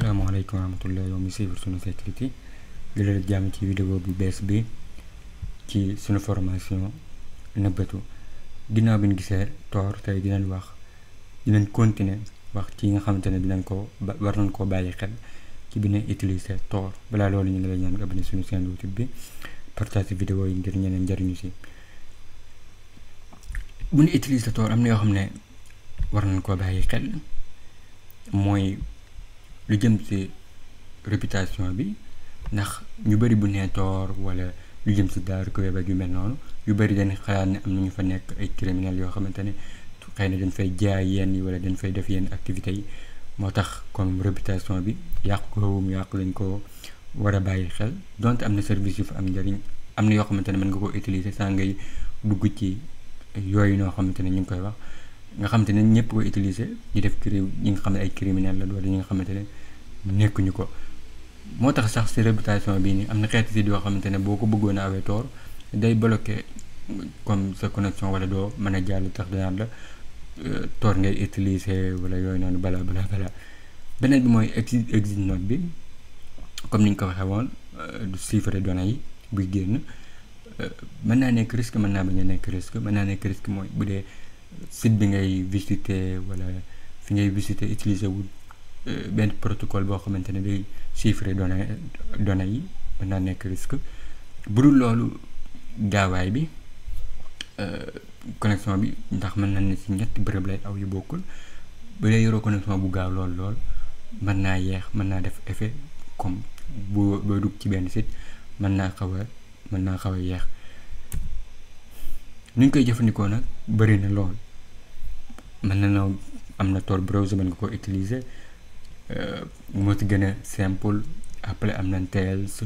asalaamaaleykum wa rahmatulah yow mi suivre sunu sécurité di leen jàmm ci vidéo bu bees bi ci sunu formation nëbbatu ginnaaw bi ñu gisee toor tey dinañ wax dinañ continuer wax ci nga xamante ne dinañ ko war nañ koo bàyyi xel ci bi ñuy utiliser toor balaa loolu ñu ngi lay ñaan nga abonné sunu chaîne YouTube bi partage vidéo yi ngir ñeneen njariñu si bu ñu utiliser toor am na yoo xam ne war nañ koo bàyyi xel mooy. lu jëm ci réputation bi ndax ñu bëri bu nee toor wala lu jëm si daaru ko ak yu mel noonu yu bëri dañ xalaat ne am na ñu fa nekk ay criminels yoo xamante ne xëy na dañ fay jaay yenn yi wala dañ fay def yenn activités yi moo tax comme réputation bi yàq ko xawum lañ ko war a bàyyi xel donte am na service yu fa am njariñ am na yoo xamante ne mën nga koo utiliser saa ngay dugg ci yooyu noo xamante ne ñu ngi koy wax nga xamante ne ñëpp ko utiliser ñu def crime ñi nga xam ne ay criminel la wala ñi nga xamante ne nekkuñu ko moo tax sax si réputation bii nii am na xeeti site yoo xamante ne boo ko bëggoon a awee toor day bloqué comme sa connexion wala doo mën a jàll tax danaan la euh, toor ngay utiliser wala yooyu noonu bala bala bala beneen bi mooy exit exit note bi comme ni ñu ko waxee woon euh, du chiffre données yi buy génn euh, mën naa nekk risque mën naa bañ a nekk risque mën naa nekk risque mooy bu dee site bi ngay visiter wala fi ngay visiter utiliser wul Euh, benn protocole boo xamante ne day chiffrer données données yi mën naa nekk risque bu dul loolu gaawaay bi euh, connexion bi ndax mën na ne ci ñetti bërëb lay aw yu bokkul bu dee yoroo connexion bu gaaw lool lool mën naa yeex mën naa def effet comme boo boo dugg ci benn site mën naa xaw a mën naa xaw a yeex ni ñu koy jëfandikoo nag bëri na lool mën na noo am na Tor browser mën nga ko utiliser Euh, moo ci gën a simple après am nañ Tails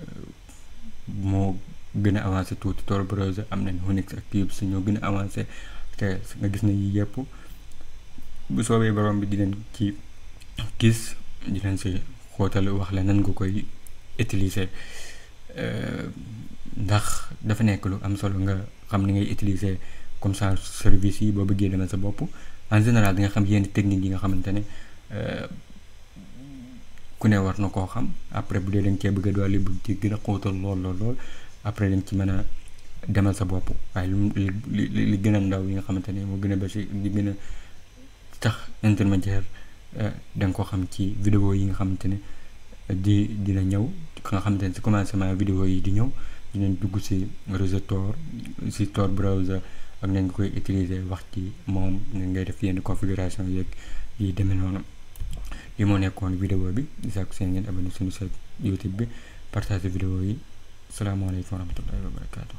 euh, moo gën a avancé tuuti Tor browser am nañ Honeyx ak Cubes ñoo gën a avancé Tails nga gis ne yii yëpp bu soobee borom bi di leen ci gis leen si xóotal wax la nan nga koy utiliser euh, ndax dafa nekk lu am solo nga xam ni ngay utiliser comme ça service yi boo bëggee demal sa bopp en général di nga xam yenn technique yi nga xamante ne ku ne war na koo xam après bu dee dañ cee bëgg a dolli bu ci gën a xóotal lool lool lool après dañ ci mën a demal sa bopp waaye li li gën a ndaw yi nga xamante ne moo gën a basi li gën a tax intermédiaire euh, da nga xam ci vidéo yi nga xamante ne di dina ñëw nga xamante ne si commencement vidéo yi di ñëw dinañ dugg si réseau Tor si Tor browser ak nañ koy utiliser wax ci moom nañ ngay def yenn configuration yeeg yi demee noonu. li moo nekkoon vidéo bi di seen ngeen abonné suñu site youtube bi partage vidéo yi salaamaaleykum wa rahmatullahi wa barakaatu